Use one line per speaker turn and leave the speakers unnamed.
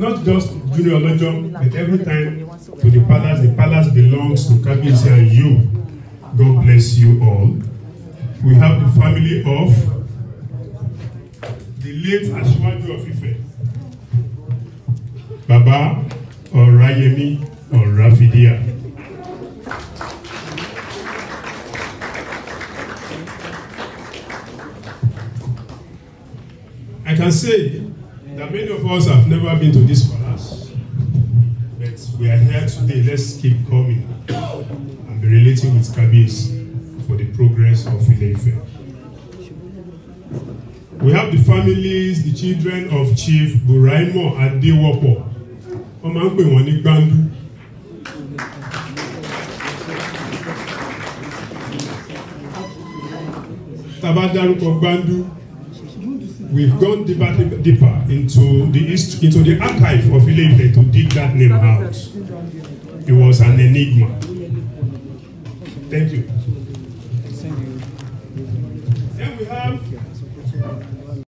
not just Junior Olojo, but every time to the palace. The palace belongs to Kabiyesi and you. God bless you all. We have the family of the late Asiwaju of Ife, Baba or or Orafidia. I can say That many of us have never been to this palace, but we are here today. Let's keep coming and be relating with Kabis for the progress of Ileife. We have the families, the children of Chief Buraimo Adewopo. Wọ́n máa ń pè wọ́n ní we've gone deeper, deeper into the east, into the archive of ile to dig that name out. It was an enigma. Thank you. Then we have